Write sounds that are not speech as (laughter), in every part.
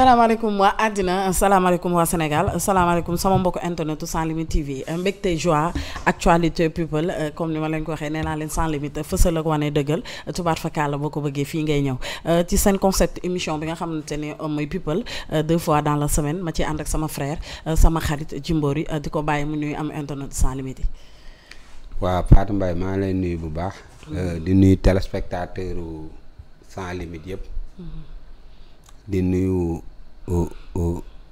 salaamaaleykum waa àddina salaamaaleykum waa Sénégal salaamaaleykum sama mbokk internet sans limite TV mbégte joie actualité people euh, comme ni ma leen ko waxee nee naa leen sans limite fësal ak wane dëggal tubaat fakkaala boo ko bëggee fii ngay ñëw euh, ci seen concept émission bi nga xamante ne euh, mooy people deux fois dans la semaine ma ci ànd ak sama frère sama xarit Jimbori di ko bàyyi mu nuyu am internet sans limite yi. waaw Fatou maa ngi lay nuyu bu baax. di nuyu téléspectateur sans limite yëpp. Mm-hmm.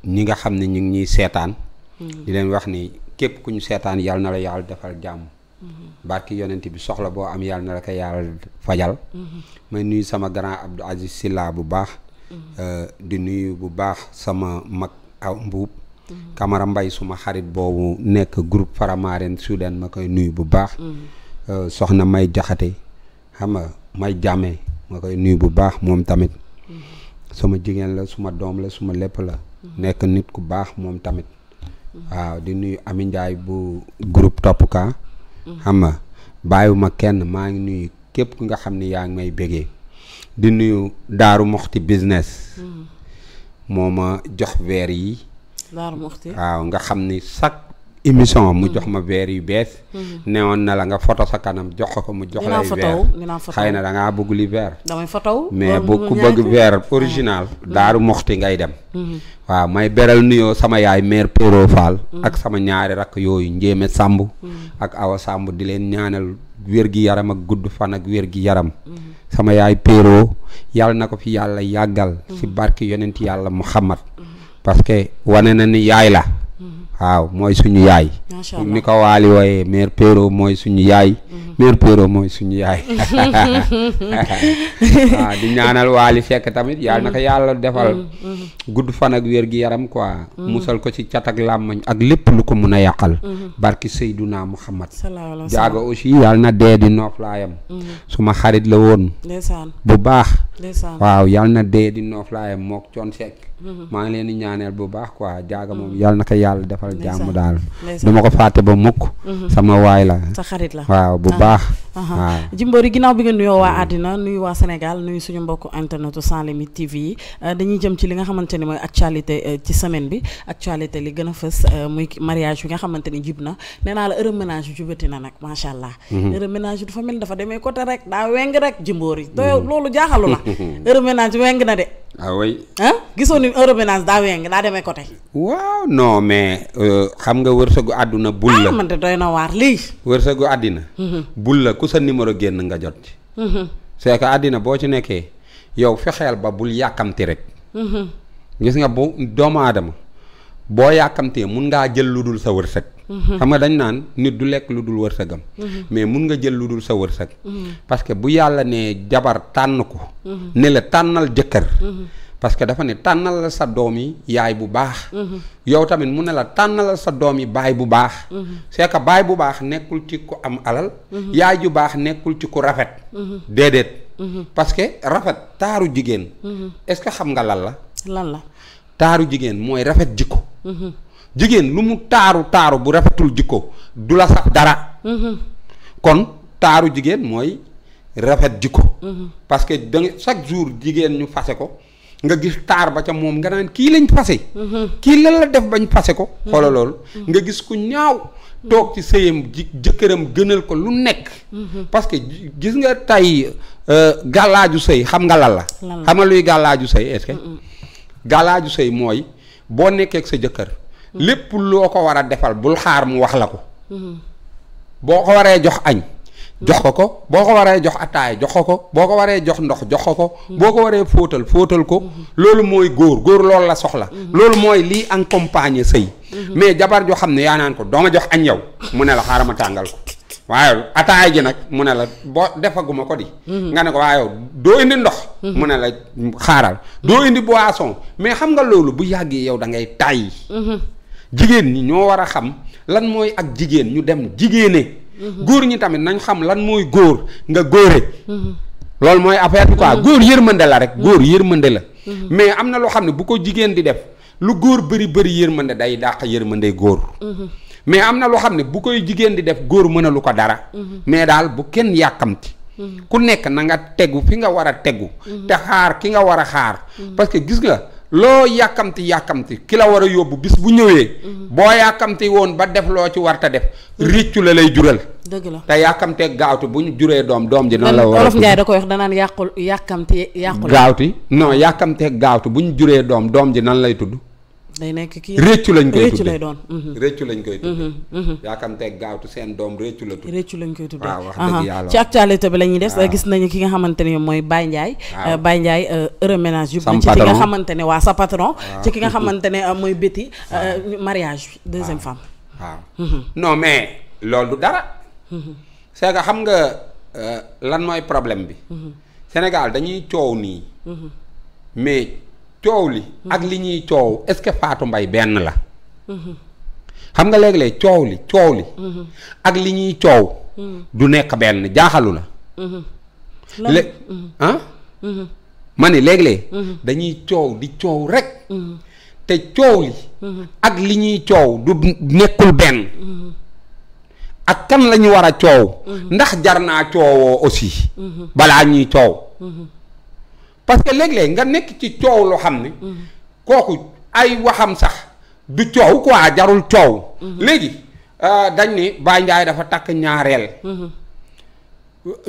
ñi nga xam ne ñu ngi ñuy seetaan mm-hmm. di leen wax ni képp ku ñu seetaan yàlla na la yàlla defal jàmm mm-hmm. barki yonent bi soxla boo am yàlla na la ko yàlla fajal mm-hmm. may nuyu sama grand Abdou Aziz Silla bu baax euh, di nuyu bu baax sama mag aw mbuub Kamara Mbay suma xarit boobu nekk groupe Faramaren Soudan ma koy nuyu bu baax euh, soxna may jaxate xam nga may jàmme ma koy nuyu bu baax moom tamit sama jigéen la suma doom la suma lépp la mm-hmm. nekk nit ku baax moom tamit waaw di nuyu Ami njaay bu groupe topp ka mm-hmm. xam nga bàyyiwuma kenn maa ngi nuyu képp ku nga xam ni yaa ngi may bégee di nuyu Daaru Moxti business mm-hmm. moo ma jox weer yi waaw nga xam ni chaque émission mu mm-hmm. jox ma verre yu bees. Mm-hmm. newoon na la nga foto sa kanam jox ko mu jox lay verre xay na da ngaa bëgg li verre. damay mais bu ku bëgg verre mm-hmm. original. daaru moxti ngay dem. waaw may beral nuyoo sama yaay mère Péro Fall. ak sama ñaari rakk yooyu Njéeme sàmb ak Awa Samb di leen ñaanal wér gi yaram ak gudd fan ak wér gi yaram. sama yaay Péro yal na ko fi yàlla yàggal. ci barke yonent yàlla Muhammad parce que na ni yaay la. waaw mooy suñu yaay. macha allah ni mooy suñu yaay. Mm-hmm. mère mooy suñu yaay. (laughs) (laughs) waaw di ñaanal waali fekk tamit yàlla na ko mm-hmm. yàlla defal. Mm-hmm. gudd fan ak wér gi yaram quoi. musal ko ci cat ak làmmañ ak lépp lu ko mun a yàqal. barki Seyduna Muhammad. jaaga aussi yàlla na dee di nooflaayam. suma xarit la woon. bu baax. waaw yàlla na dee di nooflaayam mook coon sekk Mm-hmm. maa ngi leen ñaaneel bu baax quoi jaaga moom mm-hmm. yàlla na ko yàlla defal jàmm daal. duma ko fàtte ba mukk mm-hmm. sama waay la. sa xarit la waaw bu ah. baax. Uh-huh. Jimbori ginnaaw bi nga nuyoo waa àddina nuyu waa Sénégal nuyu suñu mbokk internetu sans limite TV yi euh, dañuy jëm ci li nga xamante ni mooy actualité euh, ci semaine bi actualité li gën a fës euh, muy mariage bi nga xamante ni jib na nee naa la heureux ménage jubati na nag macha allah. Mm-hmm. heureux ménage dafa mel dafa demee côté rek daa weng rek Jimbori. Mm-hmm. loolu jaaxalu la (laughs) heureux ménage weng na de. ah oui. gisoon gisoo ni heureux ménage daa weng daa demee côté. waaw non mais xam nga wërsëgu àdduna bul la ah man na waar lii. wërsëgu àddina. Mm-hmm. bul ku sa numéro génn nga jot ci. Mm-hmm. c'est que àddina boo ci nekkee yow fexeel ba bul yàkkamti rek. Mm-hmm. gis nga bu doomu aadama boo yàkkamtee mun ngaa jël lu dul sa wërsëg. Mm-hmm. xam nga dañ naan nit du lekk lu dul wërsëgam. mais mun nga jël lu dul sa wërsëg. parce que bu yàlla ne jabar tànn ko. ne la tànnal jëkkër. parce que dafa ne tànnalal sa doom yi yaay bu baax. Mhm. yow tamit mu ne la tànnalal sa doom yi baax bu baax. Mhm. c'est baay bu baax nekkul ci ku am alal. Mhm. yaay ju baax nekkul ci ku rafet. déedéet. parce que rafet taaru jigéen. est-ce que xam nga lan la. lan la taaru jigéen mooy rafet jikko. jigéen lu mu taaru taaru bu rafetul jikko du la sax dara. kon taaru jigéen mooy rafet jikko. parce que da chaque jour jigéen ñu fase ko. nga gis taar ba ca moom nga naan kii lañ passé. kii lan la def bañ passé ko. xoola loolu nga gis ku ñaaw. toog ci sëyam jëkkëram gënal ko lu nekk. parce que gis nga tey euh, gàllaaju sëy xam nga lan la. xam nga luy gàllaaju sëy est gàllaaju sëy mooy boo nekkee sa jëkkër. lépp loo ko war a defal bul xaar mu wax la ko. boo ko waree jox añ. jox ko ko boo ko waree jox attaay jox ko ko boo ko waree jox ndox jox ko ko boo ko waree fóotal fóotal ko loolu mooy góor góor loolu la soxla loolu mooy lii accompagner sëy mais jabar joo xam ne yaa naan ko doo ma jox añ yow mu ne la xaaral ma tàngal ko waaye ji nag mu ne la boo defaguma ko di nga ne ko waaye doo indi ndox mu ne la xaaral doo indi mais xam nga loolu bu yàggee yow da ngay tàyyi mhm. jigéen ñi ñoo war a xam lan mooy ak jigéen ñu dem jigéene góor ñi tamit nañ xam lan mooy góor nga góore loolu mooy affaire bi quoi góor yërmande la rek góor yërmande la mais am na loo xam ne bu ko jigéen di def lu góor bëri bëri yërmande day dàq yërmande góor mais am na loo xam ne bu koy jigéen di def góor mën a lu ko dara mais daal bu kenn yàkkamti ku nekk na nga tegu fi nga war a tegu te xaar ki nga war a xaar parce que gis nga loo yàkkamti yàkkamti ki la war a yóbbu bis bu ñëwee. Mhm. boo yàkkamti woon ba def loo ci war ta def. riccu la lay jural. dëgg la te yàkkamteeg gaawtu bu ñu juree doom doom ji. noonu la war a olof Ndiaye da koy wax danaan yàqul yàkkamti yàqul. gaawti non yàkkamteeg gaawtu bu ñu juree doom doom ji nan lay tudd. day nekk kii réccu lañ koy réccu lay doon. Mhm. réccu lañ koy tuddee. Mhm, mhm. yaakamteeg gaawtu seen doom réccu la tuddee. réccu lañ koy tuddee waaw wax dëgg yàlla. ci actualité bi la ñuy des gis nañu ki nga xamante mooy Baye Ndiaye. waaw euh, Baye Ndiaye euh, ménage yu. ci nga xamante waa sa patron. ci ki nga xamante ne euh, mooy Betty. mariage deuxième femme. waaw non mais loolu dara. c'est xam nga lan mooy problème bi. Sénégal dañuy coow nii. mais. coow li ak li ñuy coow est-ce que Fatou Mbaye benn la xam nga léeg-léeg coow li coow li ak li ñuy coow du nekk benn jaaxalu la lé ah mhm. ma ne léeg-léeg mhm. dañuy coow di coow rek mhm. te coow li ak li ñuy coow du nekkul benn ak kan lañu ñu war a coow ndax jar naa coowoo aussi balaa ñuy coow parce que léeg-léeg nga nekk ci coow loo xam ne. Mm-hmm. kooku ay waxam sax du coow quoi jarul coow. Mm-hmm. léegi euh, dañ ne Baye Ndiaye dafa takk ñaareel. Mm-hmm.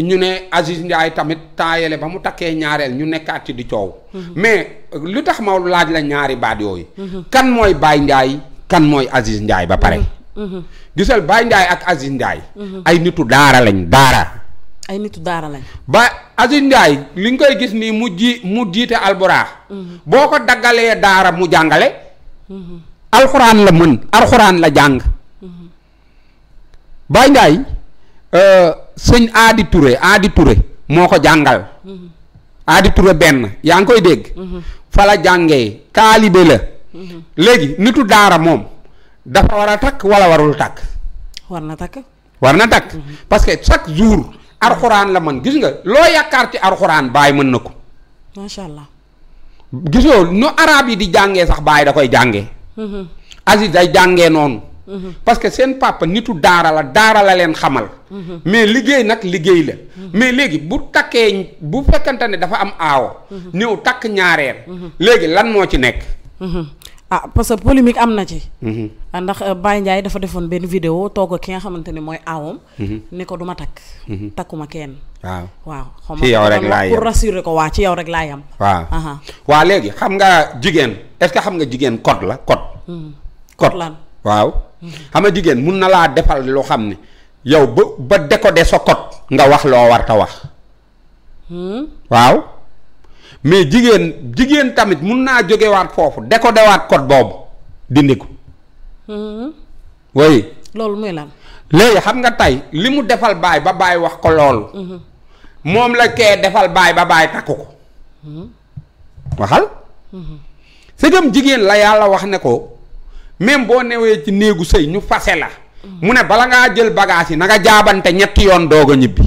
ñu ne Aziz Ndiaye tamit taayale ba mu takkee ñaareel ñu nekkaat ci di coow. mais lu tax ma laaj la ñaari baat yooyu. kan mooy Baye Ndiaye kan mooy Aziz Ndiaye ba pare. gisal Baye Ndiaye ak Aziz Ndiaye. ay nitu daara lañ daara. ay nitu daara lañ. ba Aziz li nga koy gis nii mu ji mu jiite alburaax. Mm-hmm. boo ko daggalee daara mu jàngale. Mm-hmm. alxuraan la mën alxuraan la jàng. Mm-hmm. Baye Ndiaye euh, sëñ Aadi Touré Aadi Touré moo ko jàngal. Aadi Touré benn yaa ngi koy dégg. fa la jàngee kaalibe la. léegi nitu daara moom dafa war a takk wala warul takk. war na takk. war na takk parce que chaque jour. arxuraan la man gis nga loo yaakaar ci arxuraan baay mën na ko. macha allah. gisoo nu araab yi di jàngee sax baay da koy jàngee. Mm-hmm. Aziz day jàngee noonu. Mm-hmm. parce que seen papa nitu daara la daara la leen xamal. Mm-hmm. mais liggéey nag liggéey la. mais léegi bu takkee bu fekkante ne dafa am aawo. ñëw takk ñaareel. léegi lan moo ci nekk. ah parce que polémique am na ci. Mhm. Ah, ndax euh, Baye Ndiaye dafa defoon benn vidéo toog ki nga xamante ne mooy aawam. Mhm. ne ko du ma takk. Mhm. takkuma kenn. waaw waaw yow rek laa yem pour ko waa ci yow rek laa yem. waa léegi xam nga jigéen est-ce que xam nga jigéen code la code. Hmm. code lan waaw. Hmm. xam nga jigéen mun na laa defal loo xam ne yow ba ba décoder sa code nga wax loo war ta wax. Hmm. waaw. mais jigéen jigéen tamit mun naa jógewaat foofu ko décodewaat code boobu dindi ko. Mm-hmm. oui. loolu muy lan. léegi xam nga tey li mu defal baay ba baay wax ko loolu. Mm-hmm. moom la kee defal baay ba baay takku ko. Mm-hmm. waxal. sëgam jigéen la yàlla wax ne ko même boo newee ci néegu sëy ñu fase la. mu ne bala ngaa jël bagage yi nanga jaabante ñetti yoon doog a ñibbi.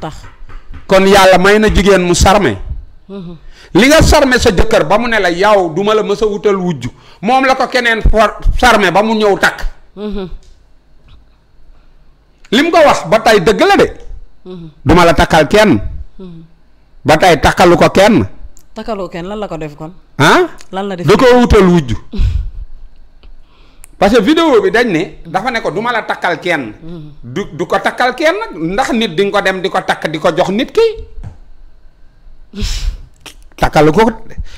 tax. kon yàlla may na jigéen mu sarme mhm. li nga sarme sa jëkkër ba mu ne la yow duma la mës a wutal wujj moom la ko keneen for sarme ba mu ñëw takk mhm. lim ko wax ba tay dëgg la de mhm. duma la takkal kenn ba tey takkalu ko kenn takkalu kenn lan la ko def kon ah lan la def da ko wutal wujj (laughs) parce que vidéo bi dañ ne dafa ne ko du ma la takkal kenn mm. du du ko takkal kenn ndax nit di nga ko dem di ko takk di ko jox nit ki (laughs) takkalu ko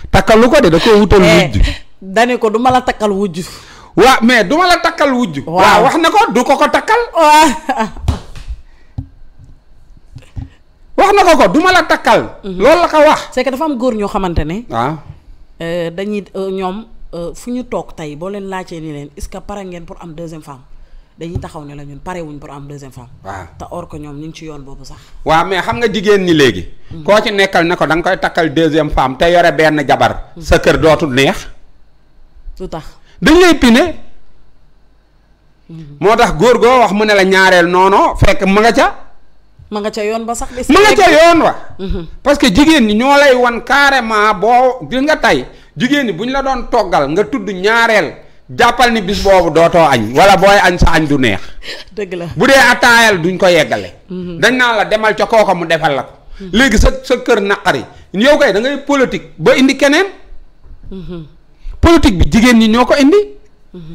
takkalu ko de da ko wutal eh, wujj (laughs) dane ko du ma la takkal wujj waa mais du ma la takkal wujj waaw wax na ko du ko ko takkal (laughs) wax na ko ko du ma la takkal mm-hmm. loolu la ko wax c'est que dafa am góor ñoo xamante ne waaw euh, dañuy euh, ñoom Euh, fu ñu toog tey boo leen laajtee ni leen est que pare ngeen pour am deuxième femme dañuy taxaw ne la ñun pare wuñ pour am deuxième femme. waaw te or ko ñoom ñu ngi ci yoon boobu sax. waaw mais xam nga jigéen ñi léegi. Hmm. koo ci nekkal ne ko danga koy takkal deuxième femme te yore benn jabar. Hmm. sa kër dootul neex. lu tax dañ lay pine. Hmm. moo tax góor goo wax mu ne la ñaareel noono fekk mu nga ca. ma nga ca yoon ba sax. ma nga ca yoon wa. parce que jigéen ñi ñoo lay wan carrément boo gis nga tey jigéen ñi bu ñu la doon toggal nga tudd ñaareel jàppal ni bis boobu dootoo añ wala booy añ sa añ du neex. (laughs) dëgg la bu dee attaayal duñ ko yeggale. Mhm. dañ naa la demal ca kooka mu defal la ko. Mhm. léegi sa sa kër naqari yow ko da ngay politique ba indi keneen. Mhm. politique bi jigéen ñi ñoo ko indi.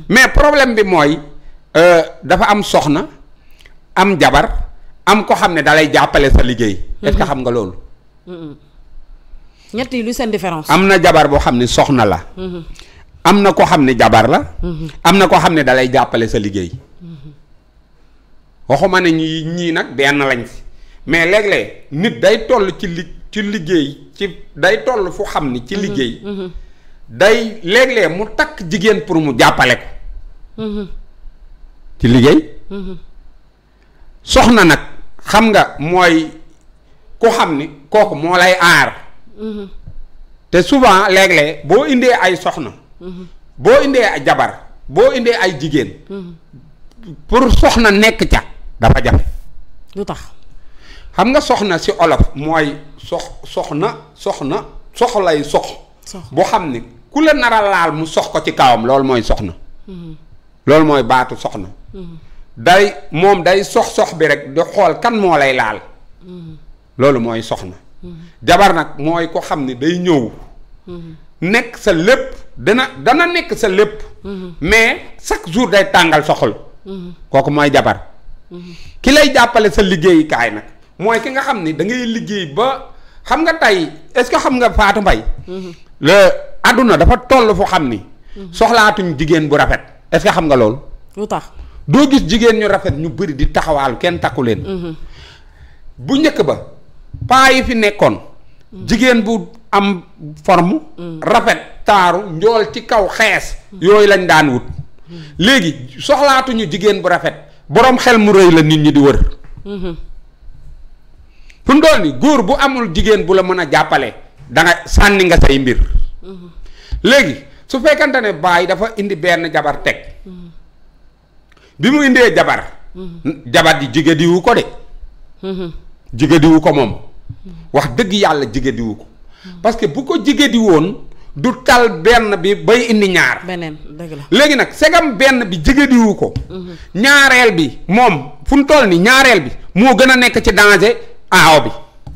mais problème bi mooy euh, dafa am soxna am jabar am ko xam ne dalay jàppale sa liggéey. est-ce xam nga loolu. ñett yi lu seen différence. am na jabar boo xam ne soxna la. Mhm. am na ko xam ne jabar la. Mhm. am na ko xam ne dalay jàppale sa liggéey. Mhm. waxuma ne ñi ñii nag benn lañ si mais léeg nit day toll ci ci liggéey ci day toll fu xam ni ci liggéey. day léeg mu takk jigéen pour mu jàppale ko. ci liggéey. soxna nag xam nga mooy ku xam ni kooku moo lay aar. te souvent léeg boo indee ay soxna. boo indee ay jabar boo indee ay jigéen. pour soxna nekk ca dafa jafe. lu tax xam nga soxna si olof mooy sox soxna soxna soxlay sox. boo xam ne ku la nar a laal mu sox ko ci kawam loolu mooy soxna. loolu mooy baatu soxna. day moom day sox sox bi rek di xool kan moo lay laal. Mm-hmm. loolu mooy soxna. jabar nag mooy ko xam ne day ñëw nekk sa lépp dana dana nekk sa lépp mais chaque jour day tàngal sa kooku mooy jabar ki lay jàppale sa liggéeyukaay nag mooy ki nga xam ni da ngay liggéey ba xam nga tey est-ce que xam nga Fatou mbay le àdduna dafa toll fu xam ni soxlaatuñ jigéen bu rafet est-ce que xam nga loolu lu tax doo gis jigéen ñu rafet ñu bëri di taxawaalu kenn takku leen mhm. bu njëkk ba paa yi fi nekkoon jigéen bu am form rafet taaru njool ci kaw xees yooyu lañ daan wut léegi soxlaatuñu jigéen bu rafet boroom xel mu rëy la nit ñi di wër fu mu doon ni góor bu amul jigéen bu la mën a jàppale da sànni nga say mbir léegi su fekkante ne baay dafa indi benn jabar teg bi mu indee jabar jabar ji jigéen diwu ko de jigéediwu ko moom wax dëgg yàlla jigéediwu ko parce que bu ko jigéedi woon du tal benn bi bay indi ñaar beneen léegi nag segam benn bi jigéediwu ko mhm. ñaareel bi moom fu mu ni ñaareel bi moo gën a nekk ci danger aaw bi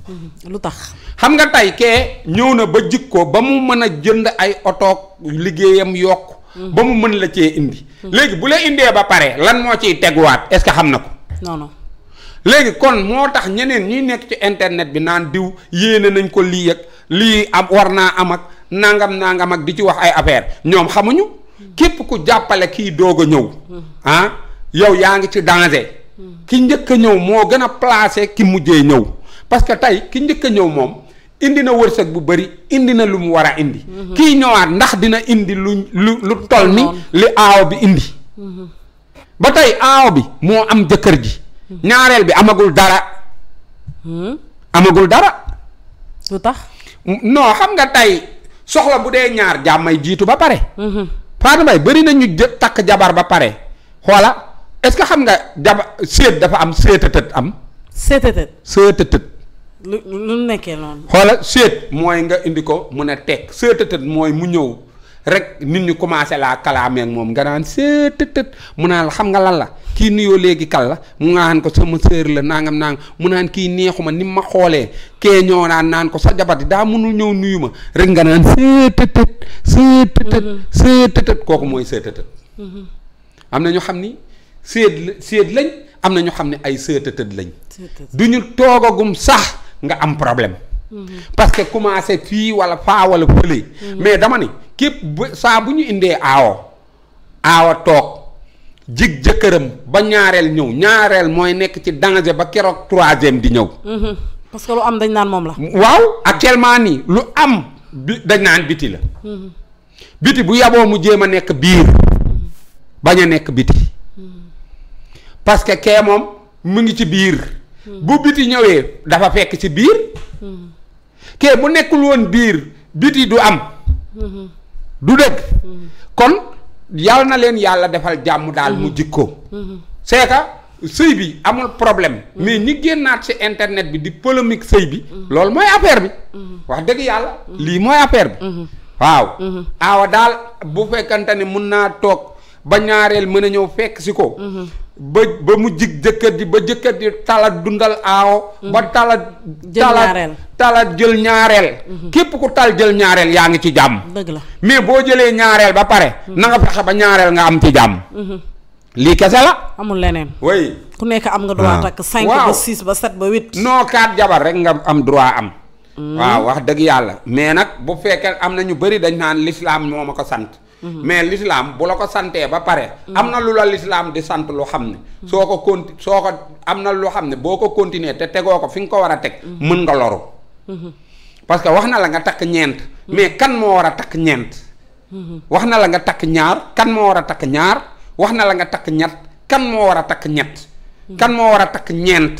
mhm. lu tax xam nga tey kee ñëw na ba jikko ba mu mën a jënd ay otoog liggéeyam yokk mhm. ba mu mën la cee indi léegi bu la indee ba pare lan moo ciy teguwaat est-ce que xam na ko non non léegi kon moo tax ñeneen ñuy nekk ci internet bi naan diw yéene nañ ko lii ak lii am war naa am ak nangam nangam ak di ci wax ay affaire ñoom xamuñu képp ku jàppale kii doog a ñëw ah yow yaa ngi ci danger ki njëkk a ñëw moo gën a placé ki mujjee ñëw parce que tey ki njëkk a ñëw moom indi na wërsëg bu bëri indi na lu mu war a indi mhm. kii ñëwaat ndax dina indi lu lu lu tol ni li aaw bi indi mhm. ba tey aaw bi moo am jëkkër ji ñaareel bi amagul dara. Hmm? amagul dara. lu tax. non xam nga tey soxla bu dee ñaar jàmmay jiitu ba pare. Hmm. Fatou Mbaye bëri na ñu takk jabar ba pare xoola est-ce que xam nga jaba séet dafa am séetatët am. séetatët séetatët. lu lu nekkee noonu. xoola séet mooy nga indi ko mun a teg séetatët mooy mu ñëw. rek nit ñu commencé laa kalaamee ak moom nga naan seet tët mu naan xam nga lan la kii nuyoo léegi kal la mu naan ko sama sœur la nangam nang mu naan kii neexuma ni ma xoolee kee ñoo naan naan ko sa jabar daa mënul ñëw nuyu ma rek nga naan seet tët tët seet mm-hmm. tët tët kooku mooy seet mm-hmm. am na ñu xam ni seet seet lañ am na ñu xam ne ay seet tët tët du ñu toogagum sax nga am problème Mm-hmm. parce que commencé fii wala faa wala fële. Mm-hmm. mais dama ni képp ba saa bu ñu indee aawo aawa toog jig jëkkëram ba ñaareel ñëw ñaareel mooy nekk ci danger ba keroog troisième di ñëw. Mm-hmm. parce lu am dañ naan moom la. waaw actuellement nii lu am dañ naan biti la. biti bu yaboo mu jéem a nekk biir bañ a nekk biti parce que kee mu ngi ci biir bu biti ñëwee dafa fekk ci biir. kee bu nekkul woon biir biti du am mm-hmm. du dëgg mm-hmm. kon yàlla na leen yàlla defal jàmm daal mu mm-hmm. jikkoo c'est sëy bi amul problème mais ñi génnaat si internet bi di polémique sëy bi loolu mooy affaire bi wax dëgg yàlla lii mooy affaire bi waaw aawa daal bu fekkante ne mun naa toog ba ñaareel mën a ñëw fekk si ko ba ba mu jig jëkkër ji ba jëkkër ji tala dundal aawo ba mhm. talat talat talat jël ñaareel mhm. képp ku tal jël ñaareel yaa ngi ci jàmm dëgg la mais boo jëlee ñaareel ba pare mhm. na nga fexe ba ñaareel nga am ci jàmm lii kese la amul leneen oui ku nekk am nga droit ah. takk cinq ba six ba sept ba huit non quatre jabar rek nga am droit am waaw wax dëgg yàlla mais nag bu fekkee am na ñu bëri dañ naan l'islam moo ma ko sant Mm-hmm. mais lislaam bu la ko santee ba pare mm-hmm. am na lu la l'islam di sant lu xam ne mm-hmm. soo ko conti soo ko am na lu xam ne boo ko continuer te tegoo ko fi nga ko war a teg mën nga loru parce que wax na la nga takk ñeent mais kan moo war a takk ñeent wax na la nga takk ñaar kan moo war a takk ñaar wax na la nga takk ñett kan moo war a takk ñett kan moo war a takk ñeent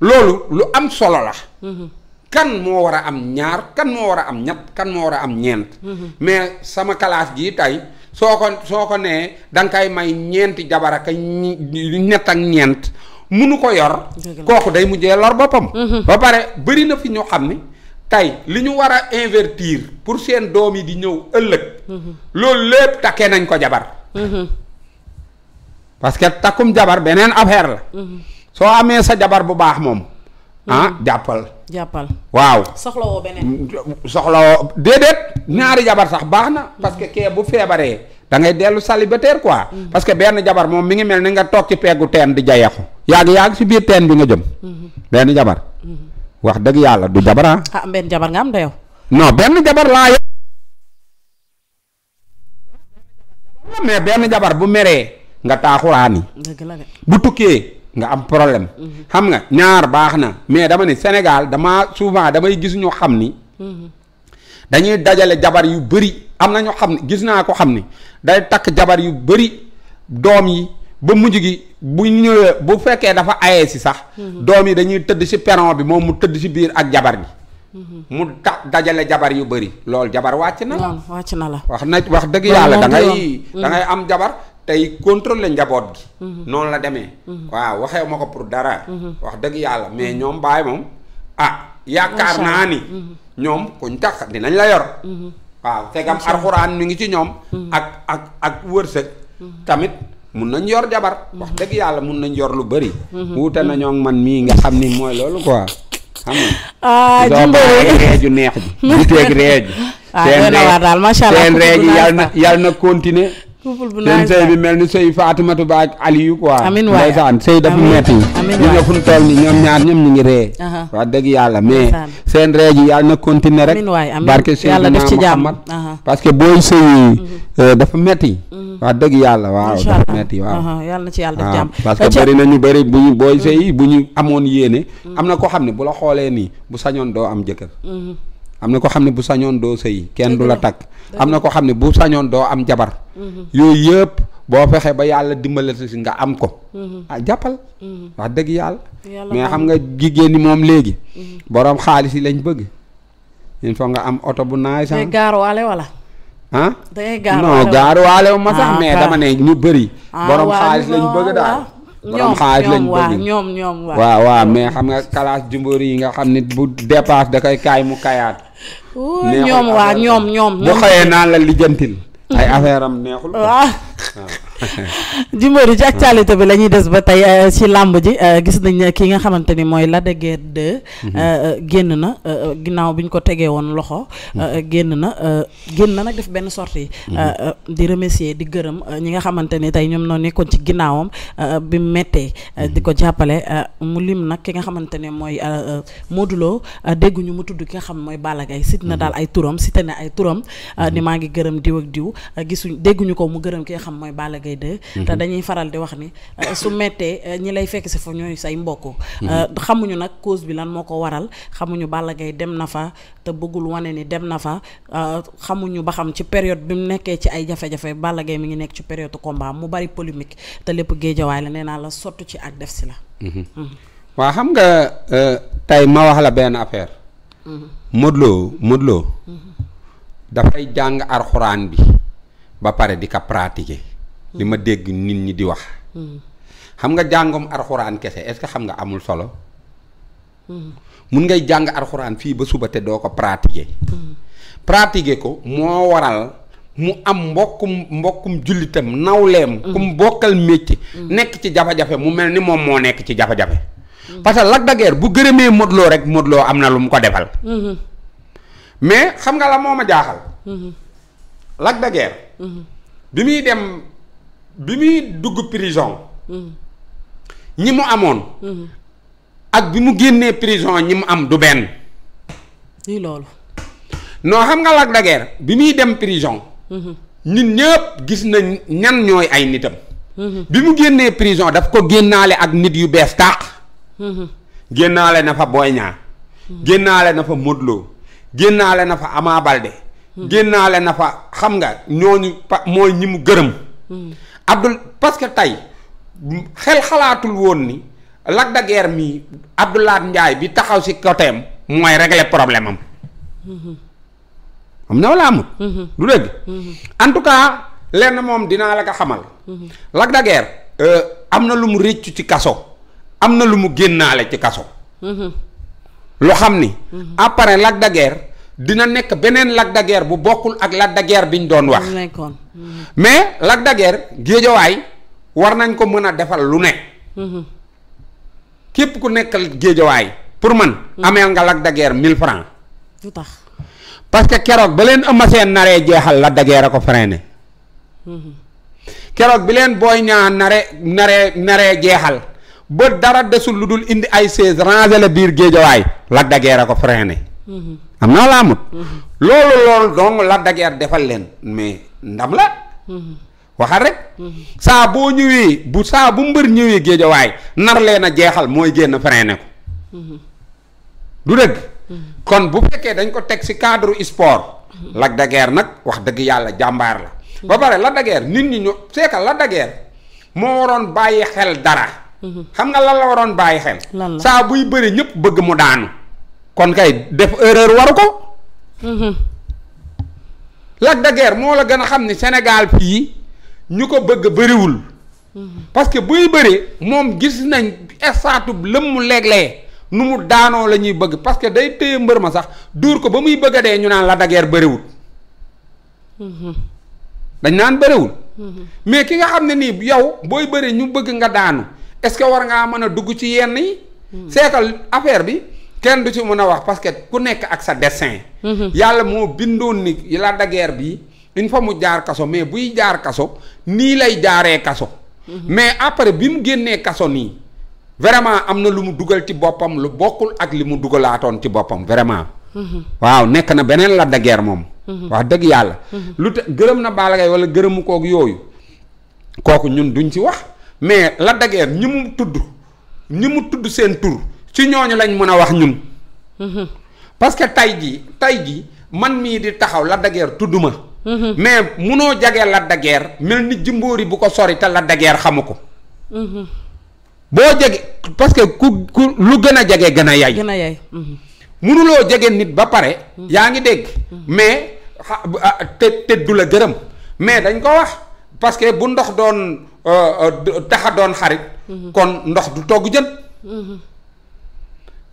loolu lu am solo la kan moo war a am ñaar kan moo war a am ñett kan moo war a am ñeent. Mm-hmm. mais sama kalaas gii tey soo ko soo ko nee da may ñeenti jabar ak ñett ak ñeent munu ko yor. kooku day mujjee lor boppam. Mm-hmm. ba pare bëri na fi ñu xam ni tey li ñu war a invertir pour seen doom yi di ñëw ëllëg. Mm-hmm. loolu lépp takkee nañ ko jabar. parce que takkum jabar beneen affaire la. soo amee sa jabar bu baax moom. ah hmm. jàppal. jàppal waaw. soxlawoo beneen. déedéet ñaari jabar sax baax na. parce que kee bu feebaree da ngay dellu célibataire quoi. Hmm. parce que benn jabar moom mi ngi mel ni nga toog ci peggu teen di jayaxu yàgg yàgg si biir teen bi nga jëm. Hmm. benn jabar. wax dëgg yàlla du jabar ah. ah. benn jabar nga am da yow. benn jabar laa yow. mais benn jabar bu meree nga taaxuraani. dëgg bu tukkee. nga am problème. xam nga ñaar baax na mais dama ni Sénégal dama souvent damay gis ñu xam ni. dañuy dajale jabar yu bëri am na ñu xam ne gis naa ko xam ni day takk jabar yu bëri doom yi ba mujj gi bu ñëwee bu fekkee dafa aye si sax. doom yi dañuy tëdd si peron bi moom mu tëdd si biir ak jabar bi. mu ta dajale jabar yu bari loolu jabar wàcc na. wàcc na la wax na wax dëgg yàlla da dangay am jabar. tey contrôler njaboot gi. Mhm. noonu la demee. Mhm. waaw waxee ma ko pour dara. Mhm. wax dëgg yàlla mais ñoom baay moom ah. yaakaar naa ni. ñoom kuñ tax dinañ la yor. waaw tegam arxuraan mi ngi ci ñoom. ak ak ak wërsëg. tamit mun nañ yor jabar. wax dëgg yàlla mun nañ yor lu bëri. wuute na ñoo man mii nga xam ni mooy loolu quoi. xam nga. ah Jumbo ju neex ji. (laughs) wuuteeg ah, daal macha allah seen reej ji yàlla na yàlla na continuer. couple seen sëy bi mel ni sëy Faatumatu ba ak Aliou quoi. amiin waay ndeysaan sëy dafa metti. amiin waay ñu fu ñu toll ñoom ñaar ñoom ñu ngi ree. wax dëgg yàlla mais. seen ree ji yàlla na continuer rek. amiin waay amiin barke Seydina Muhammad parce que booy sëy mhm. euh, dafa metti. Mhm. wax dëgg yàlla waaw dafa metti waaw. yàlla na ci yàlla parce que na ñu bëri bu ñu booy mhm. sëy bu ñu amoon yéene. am na koo xam ne bu la xoolee nii bu sañoon doo am jëkkër. am na ko xam ne bu sañoon doo sëy kenn du la takk am na ko xam ne bu sañoon doo am jabar mm-hmm. yooyu yëpp boo fexee ba yàlla dimbale si nga am ko mm-hmm. ah jàppal mm-hmm. wax dëgg yàlla mais xam nga jigéen léegi borom xaalis yi lañ bëgg il faut am oto bu naay sax ah. gaaruwaale wala ah non gaaruwaale wu ma sax ah, mais dama ne ñu bëri borom xaalis ah, lañ bëgg daal borom xaalis lañ bëgg ñoom ñoom waaw xam nga kalaas jumbóor yi nga xam ne bu dépasse da kaay mu kayaat ñoom waa ñoom ñoom. bu xëyee naan la lijjantil. ay affaire am neexul. (laughs) Ah. waaw Jimbori (laughs) ci actualité bi la ñuy des ba tey euh, ci làmb ji euh, gis nañ ki nga xamante ni mooy Lac de mhm. euh, génn na ginnaaw bi ñu ko tegee woon loxo mhm. génn na génn na nag def benn sortie mhm. di remercier di gërëm ñi nga xamante ni tey ñoom noo nekkoon ci ginnaawam bi mu méttee di ko jàppale mu lim nag ki nga xamante ne mooy Modou Lo dégguñu mu tudd ki nga xam mooy Balla Gaye sit na daal ay turam site na ay turam ni maa ngi gërëm diw ak diw gisuñ dégguñu ko mu gërëm ki nga xam mooy Balla Gueye 2 mhm. te dañuy faral di wax ni euh, su mettee euh, ñi lay fekk si fa ñooy say mbokk mhm. euh, xamuñu nag cause bi lan moo ko waral xamuñu Balla Gaye dem na fa te bëggul wane ni dem na fa xamuñu ba xam ci période bi mu nekkee ci ay jafe-jafe Balla Gaye mi ngi nekk ci période combat mu bari polémique te lépp géejawaay la nee naa la sottu ci ak def si la mhm. waa xam nga tey ma wax la benn affaire Modou mutloo Modou Lo dafay jàng arxuraan bi ba pare di ko pratiquer li ma dégg nit ñi di wax xam nga jàngom arxuraan kese est-ce que xam nga amul solo mun ngay jàng arxuraan fii ba suba te doo ko pratiquer pratiquer ko moo waral mu am mbokkum mbokkum jullitam nawleem mu bokkal métier nekk ci jafe-jafe mu mel ni moom moo nekk ci jafe-jafe parce que Lac bu gërëmee Modou rek Modou am na lu mu ko defal mais xam nga la moo ma jaaxal Lac bi muy dem bi muy dugg prison. ñi mu amoon. ak bi mu génnee prison ñi mu am du benn. nii loolu. noo xam nga Lac de bi muy dem prison. ñun ñëpp gis nañ ñan ñooy ay nitam. bi mu génnee prison daf ko génnaale ak nit yu bees tàq. génnaale na fa Boy Niang. génnaale na fa Modou Lo génnaale na fa Ama Baldé. génnaale na fa xam nga ñooñu pa mooy ñi mu gërëm. Abdoul parce que tey xel xalaatul woon ni Lac de Guiers mii Abdoulaye bi taxaw si côté am mooy régler problème am. am na wala amut. du dëgg. en tout cas lenn moom dinaa la ko xamal. Lac euh, am na lu mu rëccu ci kaso am na lu mu génnaale ci kaso. lu xam ni. après Lac de dina nekk beneen Lac de bu bokkul ak Lac de bi ñu doon wax. Mm-hmm. mais Lac de Guiers géejawaay war nañ ko mën a defal lu ne. Mm-hmm. képp ku nekk géejawaay pour man. Mm-hmm. ameel nga Lac de Guiers 1000 francs lu tax parce que keroog ba leen Eumeu Sène naree jeexal Lac de Guiers a ko freiné. keroog bi leen booy Niang nare nare naree jeexal ba dara desul lu dul indi ay chaise ranger la biir géejawaay Lac de Guiers ko freiné. am naa laa mut loolu loolu donc la dageer defal leen mais ndam la waxal rek saa boo ñëwee bu saa bu mbër ñëwee géejawaay nar leen a jeexal mooy génn freiné ko du dëgg kon bu fekkee dañ ko teg ci cadre sport la de nag wax dëgg yàlla jàmbaar la ba pare la de nit ñi ñu seekal la Lac moo waroon bàyyi xel dara mhm. xam nga lan la waroon bàyyi xel saa buy bëri ñëpp bëgg mu daanu kon kay def erreur waru ko. Mhm. Lac de moo la gën a xam ni Sénégal fii ñu ko bëgg bëriwul. Mhm. parce que buy bëri moom gis nañ estaatub lëm mu leeglee nu mu daanoo la ñuy bëgg parce que day téye mbër ma sax duur ko ba muy bëgg a dee ñu naan Lac de Guiers mhm. dañ naan bëriwul. mais ki nga xam ne nii yow booy bëri ñu bëgg nga daanu est-ce que war ngaa mën a dugg ci yenn yi. seetal affaire bi. kenn du ci mën a wax parce que ku nekk ak sa dessin. Mhm. yàlla moo bindoon ni la daguerre bi il faut mu jaar kaso mais buy jaar kaso nii lay jaaree kaso. Mhm. mais après bi mu génnee kaso nii. vraiment am na lu mu dugal ci boppam lu bokkul ak li mu dugalaatoon ci boppam vraiment. Mhm. waaw nekk na beneen la daguerre moom. wax dëgg yàlla. lu te gërëm na Balla Gaye wala gërëmu kook yooyu. kooku ñun duñ ci wax mais la daguerre ñi mu tudd ñi mu tudd seen tur. ci ñooñu lañ mën a wax ñun. Mhm. parce que tey jii tey jii man mii di taxaw la dageer tudd ma. Mhm. mais munoo jagee la dageer mel ni jimbóori bu ko sori te la dageer xamu ko. Mhm. boo jege parce que ku ku lu gën a jege gën a yay. gën a munuloo jege nit ba pare. yaa ngi dégg. mais xa ah, te te la gërëm mais dañ ko wax parce que bu ndox doon euh, euh, taxa doon xarit. kon ndox du togg jën.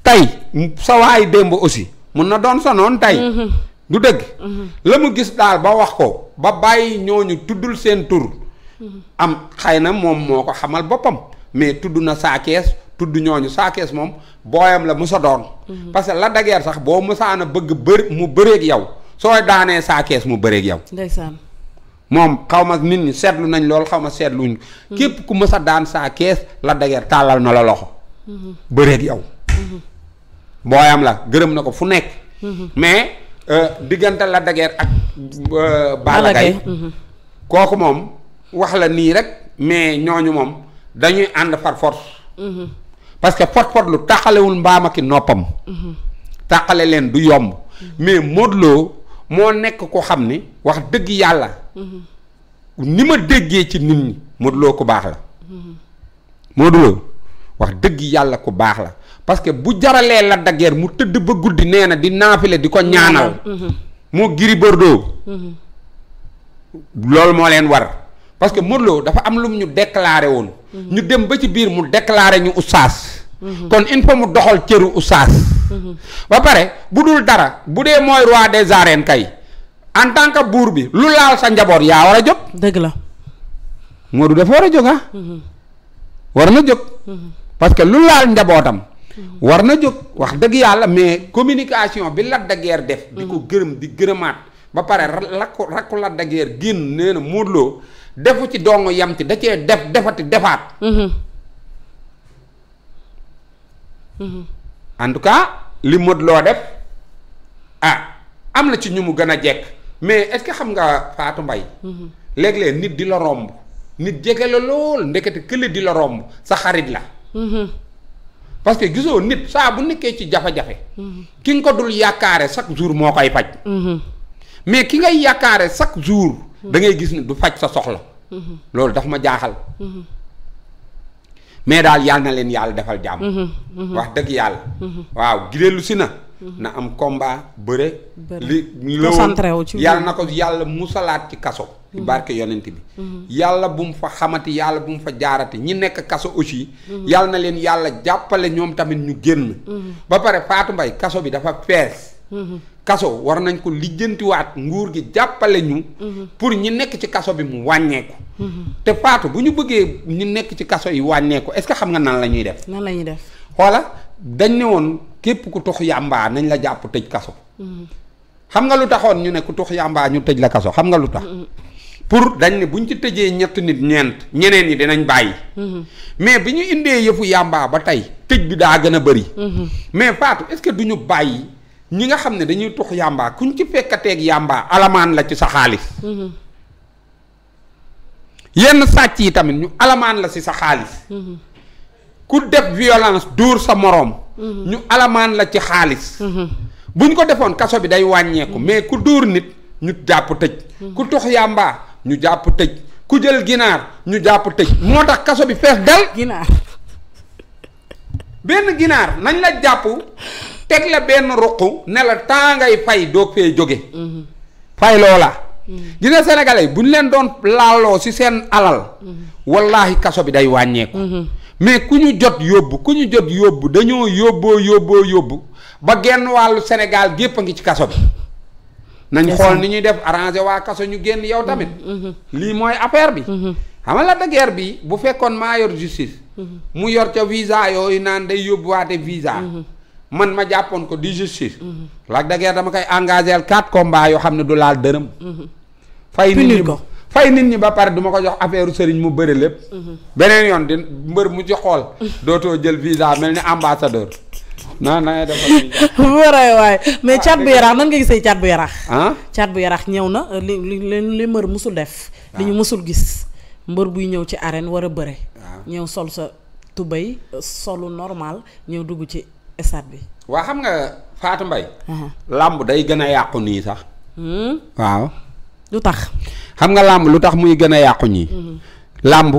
tey sa waay démb aussi mun na doon sonoon tay mhm. du dëgg mhm. la mu gis daal ba wax ko ba bàyyi ñoo ñu tuddul seen tur mhm. am xëy na moom moo ko xamal boppam mais tudd na saakees tudd ñooñu saakees moom booyam la musa doon parce que la dageer sax boo musaana bëgg bër mu bëreeg yow sooy daanee saakees mu bëreeg yow ndeysaan moom xaw ma nit ñi seetlu nañ lool xaw ma seetluñ képp ku mës a daan saa la dageer tàllal na la loxo bëreeg yow booyam la gërëm na ko fu nekk. Mhm. mais euh, diggante la de ak. Euh, Balla mhm. kooku moom wax la nii rek mais ñooñu moom dañuy ànd par force. Mhm. parce que pot lu taxalewul mbaam ak noppam. taxale leen du yomb. mais Modou moo nekk ko xam ni wax dëgg yàlla. ni ma déggee ci nit ñi Modou ku baax la. Modou wax dëgg yàlla ku baax la. parce que bu jaralee la daguère mu tëdd ba guddi nee na di naafile di ko mm-hmm. ñaanal. Mm-hmm. moo Gris Bordeaux. Mm-hmm. loolu moo leen war parce que Modou Lo dafa am lu ñu déclaré woon. ñu dem ba ci biir mu déclaré ñu oustaz. kon il faut mu doxal cëru oustaz. ba pare bu dul dara bu dee mooy roi des arènes kay en tant que buur bi lu laal sa njaboot yaa war a jóg. dëgg la. Modou dafa war a jóg ah. war na jóg. parce lu laal njabootam. war na jóg wax dëgg yàlla mais communication bi Lac de def. di ko gërëm di gërëmaat. ba pare rakku rakku Lac de Guiers génn nee na Modou Lo defu ci dong yam ci da cee def defati defaat. Mhm. Mhm. en tout cas li Modou Lo def ah am na ci ñu mu gën a jekk mais est-ce que xam nga Fatou Mbaye mhm. léeg nit di la romb nit jege la lool ndekete kële di la romb sa xarit la. parce que gisoo nit saa bu nekkee ci jafe-jafe. ki nga ko dul yaakaare chaque jour moo koy faj. Mhm. mais ki ngay yaakaare chaque jour. da ngay gis ni du faj sa soxla. Mhm. loolu daf ma jaaxal. Mhm. mais daal yàlla na leen yàlla defal jàmm. wax dëgg yàlla. waaw gileelu si na. na am combat bëre. li ñu yàlla na ko yàlla musalaat ci kaso. ci barke yonent bi yàlla bu mu fa xamati yàlla bu mu fa jaarati ñi nekk kaso aussi yàlla na leen yàlla jàppale ñoom tamit ñu génn ba pare Fatou mbay kaso bi dafa fees kaso war nañ ko lijjantiwaat nguur gi jàppale ñu pour ñi nekk ci kaso bi mu wàññeeku te Fatou bu ñu bëggee ñi nekk ci kaso yi wàññeeku est-ce que xam nga nan la ñuy def nan la ñuy def xoola dañ ne woon képp ku tux yàmbaa nañ la jàpp tëj kaso mm-hmm. xam nga lu taxoon ñu ne ku tux yàmbaa ñu tëj la kaso xam pour dañ ne buñ ci tëjee ñett nit ñeent ñeneen yi dinañ bàyyi. Mhm. mais bi ñu indee yëfu yàmbaa ba tey tëj bi daa gën a bëri. Mhm. mais Fatou est-ce que duñu bàyyi ñi nga xam ne dañuy tux yàmbaa kuñ ci fekkateeg yàmbaa alamaan la ci sa xaalis. Mhm. yenn sàcc yi tamit ñu alamaan la ci sa xaalis. ku def violence dóor sa moroom. ñu alamaan la ci xaalis. buñ ko defoon kaso bi day wàññeeku mais ku dóor nit ñu jàpp tëj. ku tux yàmbaa. ñu jàpp tëj ku jël ginaar ñu jàpp tëj moo tax kaso bi fees dal ginaar benn ginaar nañ la jàpp teg la benn ruq ne la temps ngay fay doog fee jóge mhm. fay loola mhm. gis nga bu ñu leen doon laaloo ci seen alal mhm. wallaahi kaso bi day wàññeeku mais ku ñu jot yóbbu ku ñu jot yóbbu dañoo yóbboo yóbboo yóbbu ba genn wàllu Sénégal gépp a ngi ci kaso bi nañ xool ni ñuy def arrangé waa kaso ñu génn yow tamit. Mm-hmm, mm-hmm. lii mooy affaire bi. Mm-hmm. xam nga la de bi bu fekkoon maa yor justice. mu yor ca visa yooyu naan day yóbbuwaate visa. man ma jàppoon ko di justice. Lac de dama koy engagé quatre combats yoo xam ne du laal dërëm. fay nit ñi fay nit ñi ba pare duma ko jox affaire sëriñ mu bëri lépp. beneen yoon di mbër mu ci xool. (laughs) dootoo jël visa mel ni ambassadeur. non na (laughs) waay waay mais ah, caat bu yaraax nan nga gisee caat bu yaraax. ah caat bu yaraax ñëw na euh, li li li mbër musul def. Ah. li ñu musul gis mbër buy ñëw ci arène war a bëre. Ah. ñëw sol sa tubéy euh, solu normal ñëw dugg ci stade bi. waa xam nga Fatou Mbaye. Uh-huh. làmb day gën a yàqu nii sax. Hmm? waaw. lu tax. xam nga làmb lu tax muy gën a yàqu ñii. Mm-hmm. làmb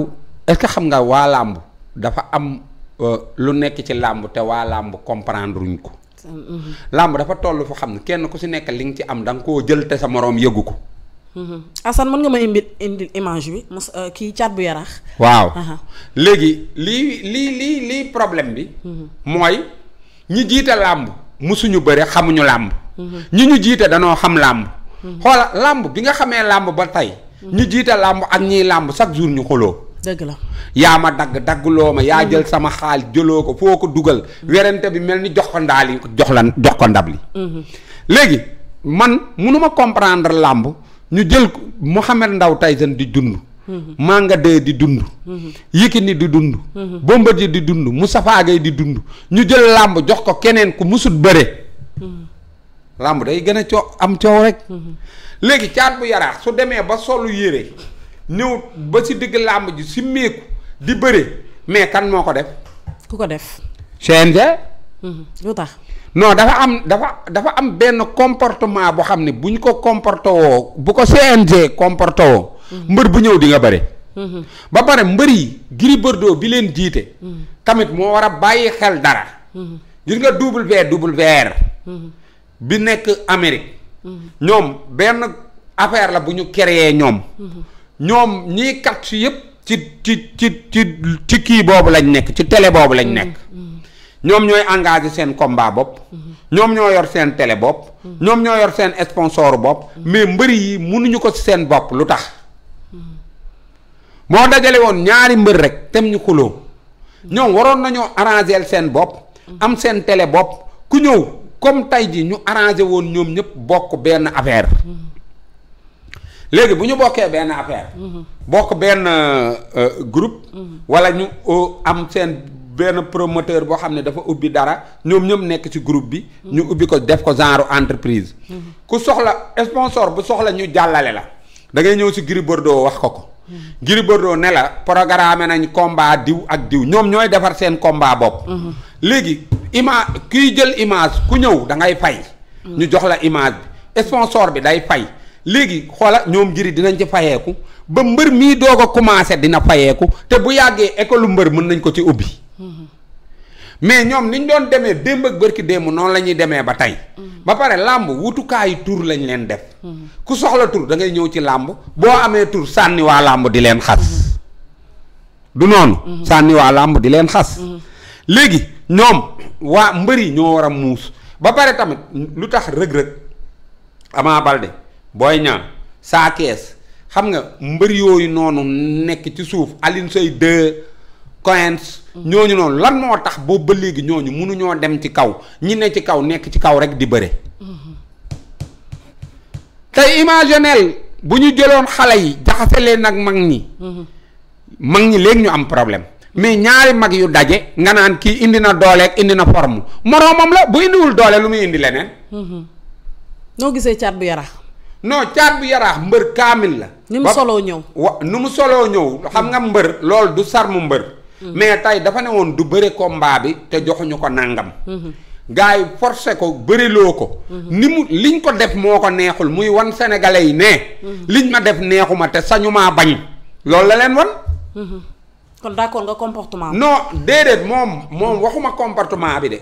est xam nga waa làmb dafa am. Euh, lu nekk ci làmb te waa làmb comprendre wuñ ko. Mm-hmm. làmb dafa toll fu xam ne kenn ku si nekk li nga ci am da koo jël te sa moroom yëgu ko. Mm-hmm. Assane mën nga ma indi indi image bi mos euh, kii caat bu yaraax. léegi lii lii lii lii problème bi. Mm-hmm. mooy ñi jiite làmb musuñu bëre xamuñu làmb. ñi ñu jiite danoo xam làmb. xoola làmb bi nga xamee làmb ba tey. ñu jiite làmb ak ñiy làmb chaque jour ñu xuloo dëgg la yaa ma dagg dagguloo ma yaa mm. jël sama xaal jëloo ko foo ko dugal. Mm. werante bi mel ni jox ko ndaal yi jox la jox ko ndab li. Mm-hmm. léegi man munuma comprendre làmb ñu jël Mouhamed Ndao Tyson di dund. Mm-hmm. Manga Dee di dund. Mm-hmm. Yékini di dund. Bombardier di dund Moustapha Gueye di dund ñu jël làmb jox ko keneen ku musut bëre. làmb day gën a co am coow rek. léegi caat bu yaraax su demee ba solu yére. ñëw ba si digg làmb ji si meeku di bëre mais kan moo ko def. ku ko def. CNG. Mhm. lu tax. non dafa am dafa dafa am benn comportement boo xam ne bu ñu ko comporté woo bu ko CNG comporté woo. Mhm. mbër bu ñëw di nga bëre. Mhm. ba pare mbër yi Gris Bordeaux bi leen jiite. tamit moo war a bàyyi xel dara. gis nga WWR. bi nekk Amérique. ñoom benn affaire la bu ñu créé ñoom. ñoom ñii carte yëpp ci ci ci ci ci kii boobu lañ nekk ci télé boobu lañ mm-hmm. nekk ñoom ñooy engagé seen combat bopp mm-hmm. ñoom ñoo yor seen télé bopp mm-hmm. ñoom ñoo yor seen sponsor bopp mais mbëri yi mënuñu ko ci seen bopp lu tax moo dajale woon ñaari mbër rek tem ñu xuloo ñoom waroon nañoo arrangé seen bopp am seen télé bopp ku ñëw comme tey ji ñu arrangé woon ñoom ñëpp bokk benn affaire léegi bu ñu bokkee benn affaire. Mhm. bokk benn euh, euh, groupe. Mhm. wala ñu euh, am seen benn promoteur boo xam ne dafa ubbi dara ñoom ñoom nekk ci groupe bi. Mhm. ñu ubbi ko def ko genre entreprise. ku soxla sponsor bu soxla ñu jàllale la. da ngay ñëw si Gris Bordeaux wax ko ko. Gris Bordeaux ne la programme nañ combat diw ak diw ñoom ñooy defar seen combat bopp. léegi ima kiy jël image ku ñëw da ngay fay. ñu jox la image bi sponsor bi day fay. léegi xoola ñoom jëri dinañ ci fayeeku ba mbër mii doo ko commencé dina fayeeku te bu yàggee école mbër mën nañ ko ci ubbi mais ñoom niñ doon demee démb ak bërki démb noonu la ñuy demee ba tey ba pare làmb wutukaayu tur lañ leen def ku soxla tur da ngay ñëw ci làmb boo amee tur sànni waa làmb di leen xas du noonu sànni waa làmb di leen xas léegi ñoom waa mbëri ñoo war a muus ba pare tamit lu tax rëg-rëg Ama Baldé Boy Niang Sa Thiès xam nga mbër yooyu noonu nekk ci suuf alin Seye 2 Coins ñooñu noonu lan moo tax boobu ba léegi ñooñu mënuñoo dem ci kaw ñi ne ci kaw nekk ci kaw rek di bëre te imaginel bu ñu jëloon xale yi jaxase leen nag mag ñi mag ñi léegi ñu am problème mais ñaari mag yu daje nga naan kii indi na dooleeg indi na forme moroomam la bu indiwul doole lu muy indi leneen noo gisee caat bu yara no caat bu yaraax mbër kaamil la. ni mu soloo ñëw wa nu mu soloo ñëw. xam nga mbër lool du sarmu mbër. Mm. mais tey dafa ne woon du bëre combat bi te joxuñu ko nangam. Mm-hmm. gars yi forcé ko bëriloo ko. Mm-hmm. ni mu liñ ko def moo neexul muy wan sénégalais yi ne. Mm-hmm. liñ ma def neexuma te sañumaa bañ. loolu la leen wan. kon d'accord nga comportement non déedéet moom moom waxuma comportement bi de.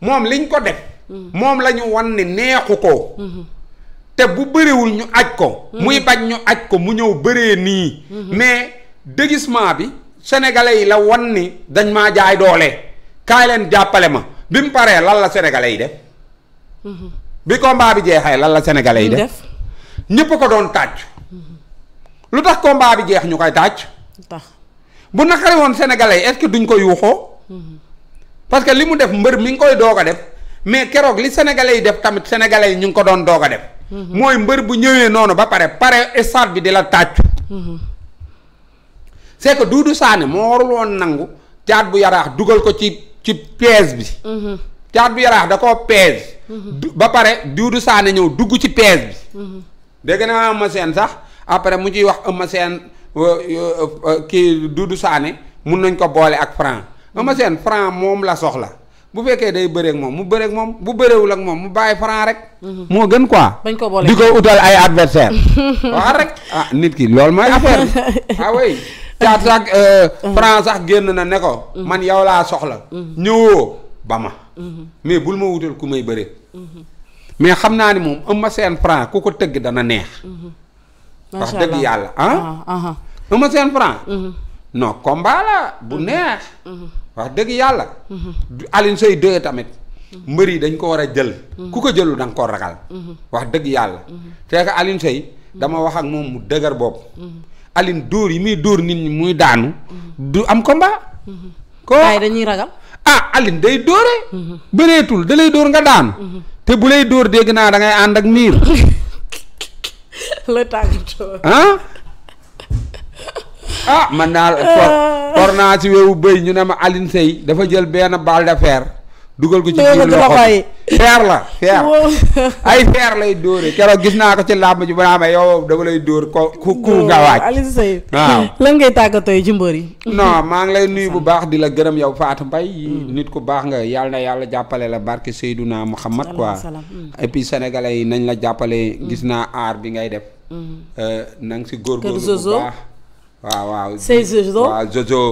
moom liñ ko def. moom la ñu wan ne neexu ko. te bu bëriwul ñu aj ko. Hmm. muy bañ ñu aj ko mu ñëw bëree nii. Hmm. mais déguisement bi sénégalais yi la wan ni dañ maa jaay doole kaay leen jàppale ma bi mu paree lan la sénégalais yi def. Hmm. bi combat bi jeexee lan la sénégalais yi def. ñëpp ko doon tàcc. lu tax combat bi jeex ñu koy tàcc. bu naqari woon sénégalais yi est-ce que duñ ko yuuxoo. parce que li mu def mbër mi ngi koy doog a def mais keroog li sénégalais yi def tamit sénégalais yi ñu ngi ko doon doog a def. mooy mbër bu ñëwee noonu ba pare pare stade bi di la tàccu c'est que Doudou Sané moo warul woon nangu caat bu yaraax dugal ko ci ci piège bi caat bu yaraax da koo piège ba pare duudu Sané ñëw dugg ci piège bi dégg naa Eumeu Sène sax après mu ciy wax Eumeu Sène euh, euh, euh, kii Doudou Sané mun nañ ko boole ak Franc Eumeu Sène Franc moom la soxla bu fekkee day bëreeg moom mu bëreeg moom bu bëreewul ak moom mu bàyyi franc rek. Mhm. moo gën quoi. bañ ko boole di ko utal ay adversaire (laughs) waxal rek ah nit ki loolu mooy affaire bi (laughs) ah oui. caat sax euh, mhm. franc sax génn na ne ko. Mhm. man yow laa soxla. ñëwoo ba ma. mais bul ma wutal ku may bëre. mais xam naa ni moom ëmma seen franc ku ko tëgg dana neex. wax dëgg yàlla ah. ah ëmma seen franc. non combat la bu neex. wax dëgg yàlla. Alioune Seye 2 tamit. mbër yi dañ ko war a jël. ku ko jëlu da nga koo ragal. wax dëgg yàlla. fekk Alioune Seye dama wax ak moom mu dëgër bopp. Alioune dóor yi muy dóor nit ñi muy daanu. du am combat. ko waaye dañuy ragal. ah Alioune day dóore. bëreetul da lay dóor nga daanu. te bu lay dóor dégg naa da ngay ànd ak miir. ah. (laughs) ah man naa for naa si wewu bëy ñu ne ma alin Seye dafa jël benn balle de dugal ko ci biir loxo feer la feer (laughs) ay feer lay dóore keroog gis naa ko ci làmb ji banaa amee yow dafa lay dóor ko ku ku nga waaj Alioune ci (laughs) mbër yi (laughs) maa ngi lay nuyu bu baax di la gërëm yow Fatou Mbaye mm. nit ku baax nga yàlla na yàlla jàppale la barke Seydouna Muhammad quoi mm. et puis sénégalais yi nañ la jàppale mm. gis naa aar bi ngay def euh, na nga si góorgóorlu bu baax waaw waaw Seydou Jojo Jojo.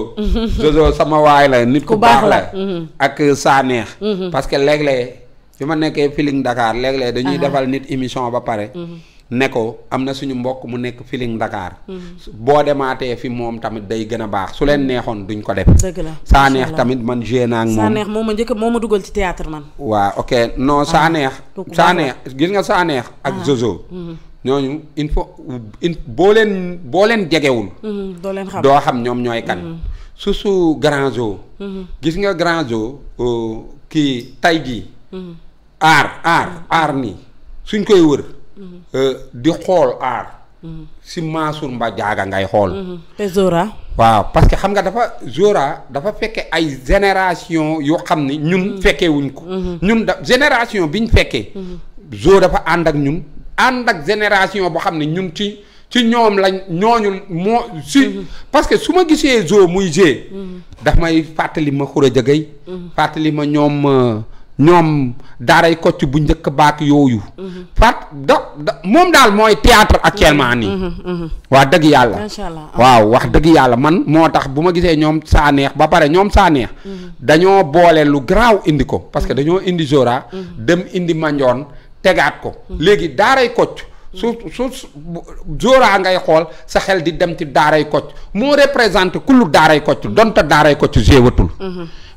Jojo sama waay la nit ku baax la mhm. ak saa neex. Mhm. parce que léeg-léeg bi ma nekkee Feeling ndakaar léeg dañuy ah. defal nit émission ba pare. Mhm. ne ko am na suñu mbokk mu nekk Feeling ndakaar boo demaatee fi moom tamit day gën a baax su leen neexoon duñ ko def. dëgg saa neex tamit man joué naa ak moom neex moo ma njëkk moom ma dugal ci théâtre man. waa ok non saa ah. neex. saa neex gis nga saa neex ak ah. Jojo. ñooñu il faut boo leen boo leen jegewul. Mm-hmm. doo xam ñoom ñooy kan. Mm-hmm. su grand zoo. Mm-hmm. gis nga grand zoo euh, kii tay jii. aar aar aar nii suñ koy wër. Euh, di xool aar. si Mansour Mba Diaga ngay xool. te Zora. waaw parce que xam nga dafa Zora dafa fekk ay génération yoo xam ni ñun fekkee wuñ ko. ñun da génération biñ fekkee. zoo dafa ànd ak ñun. ànd ak génération boo xam ne ñun ci ci ñoom lañ ñooñu moo si mm-hmm. parce que su ma gisee zoo muy g mm-hmm. daf may fàttali ma xur a jëgay fàttali ma ñoom euh, ñoom daaray kocc bu njëkk baak yooyu mm-hmm. fat da moom daal mooy théâtre actuellement nii waa dëgg yàlla ah. waaw wax dëgg yàlla man moo tax bu ma gisee ñoom saaneex ba pare ñoom saaneex dañoo boole lu garaaw indi ko parce que dañoo indi Zora dem indi Mandione tegaat ko léegi daaray kocc su su zora ngay xool sa xel di dem ci daaray kocc moo représenté kullu daaray kocc donte daaray kocc géwatul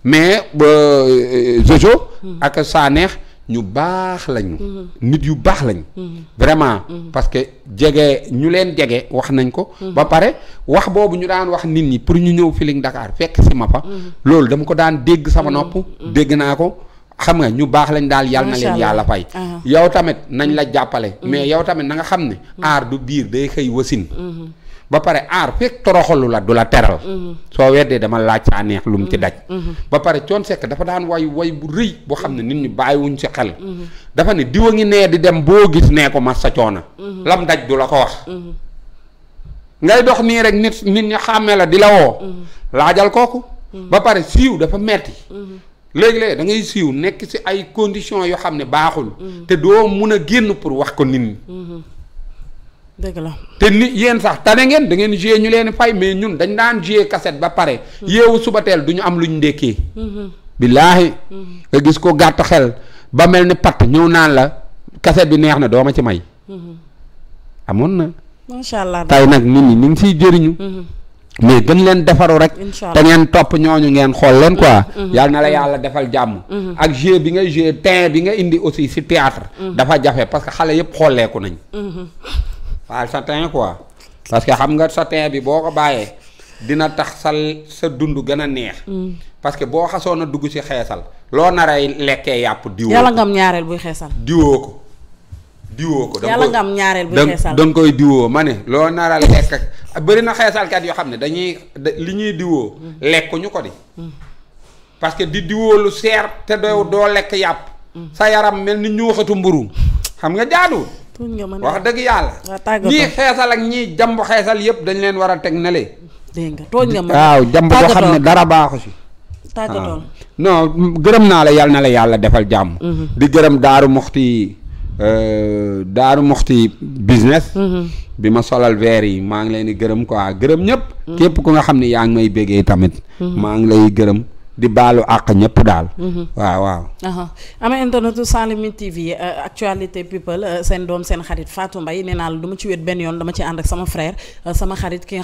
mais euh, Jojo ak Sanekh ñu baax lañu nit yu baax lañu vraiment parce que jege ñu leen jege wax nañ ko ba pare wax boobu ñu daan wax nit ñi pour ñu ñëw Feeling Dakar fekk si ma fa loolu dama ko daan dégg sama nopp dégg naa ko xam nga ñu baax lañ daal yàlla na leen yàlla fay yow tamit nañ la mm. jàppale mm. mais yow tamit na nga xam ne mm. aar du biir day xëy wasin mm-hmm. ba pare aar fekk toroxalu la du la teral mm-hmm. soo weddee dama laaj saa neex lu ci mm-hmm. daj ba pare coon sekk dafa daan way way bu rëy boo xam ne nit ñi bàyyiwuñ si xel dafa ne diwa ngi nee di dem boo gis nee ko ma sa coona lam daj du la ko wax ngay dox nii rek nit nit ñi xàmme la di la woo laajal kooku ba pare siiw dafa metti léegi-léegi da ngay siiw nekk ci ay conditions yoo xam ne baaxul. Mm-hmm. te doo mun a génn pour wax ko nit ñi. Mm-hmm. dëgg te nit yéen sax tane ngeen da ngeen joué ñu leen fay mais ñun dañ daan joué cassette ba pare. Mm-hmm. yeewu suba teel du ñu am lu ñu ndekkee. billaahi. nga gis ko gàtt xel ba mel ni patt ñëw naan la cassette bi neex na doo ma ci may. amoon na. macha allah nag nit ñi ñu ngi siy mais gën leen defaru rek te ngeen topp ñooñu ngeen xool leen quoi mm-hmm. mm-hmm. yal na la yàlla defal jàmm mm-hmm. ak jeu bi nga jeu ten bi nga indi aussi si théâtre dafa jafe parce que xale yëpp xolleeku nañ waaw sa teint quoi parce que xam nga sa teint bi boo ko bàyyee dina tax sa sa dund gën a neex mm. parce que boo xasoon a dugg si xeesal loo naray lekkee yàpp diwoo yàlla ngam ñaareel buy xeesal diwoo ko diwoo ko yàlla am ñaareel bu koy diwoo ma ne loo nar a lekk ak bëri na xeesalkat yoo xam ne dañuy li ñuy diwoo lekk ñu ko de parce que di diwoo lu seer te doo doo lekk yàpp sa yaram mel ni ñuuxatu mburu xam nga jaaduwul wax dëgg yàlla ñii xeesal ak ñii jamb xeesal yëpp dañ leen war a teg na lee dégg nga tooñ waaw jàmb boo xam ne dara baaxu si tàggatoon non gërëm naa la yàlla na la yàlla defal jàmm mm-hmm. di gërëm daaru moxti Euh, daaru moxti business. Mhm. bi ma solal verre yi maa ngi leen di gërëm quoi gërëm ñëpp. Mhm. képp ku nga xam ni yaa ngi may béggee tamit. Mhm. maa ngi lay gërëm. di baalu àq ñëpp daal. Mhm. waaw waaw. ama internetu sans limite TV euh, actualité people euh, seen doom seen xarit Fatou Mbaye nee naa la du ma ci wet benn yoon dama ci ànd ak sama frère euh, sama xarit ki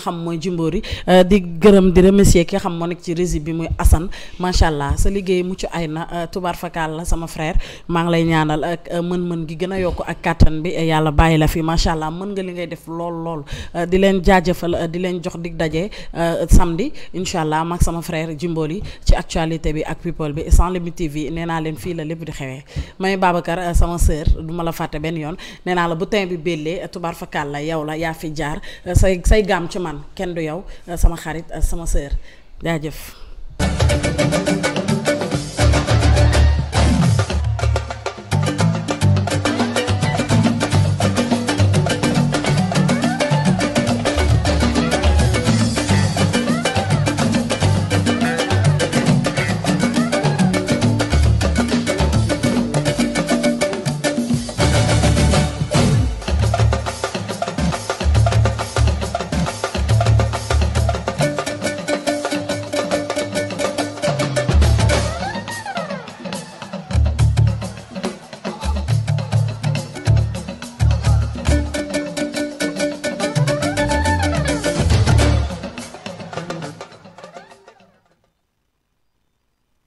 di gërëm di ki nga xam moo nekk ci régie bi muy Assane macha sa liggéey mucc na tubaar fakal la sama frère maa ngi lay ñaanal mën-mën gi gën a yokk ak kàttan bi yàlla bàyyi la fi macha allah mën nga li ngay def lool lool di leen jaajëfal di leen jox dig daje samedi incha allah maak sama frère Jimbori ci actualité bi ak people bi sans limite TV nee naa leen fii la lépp di xewee may Babacar euh, sama sœur du ma la fàtte benn yoon nee naa la bu teint bi bellee euh, tubaar la yow la yaa fi jaar euh, say say gaam ci man kenn du yow sama xarit sama sœur jaajëf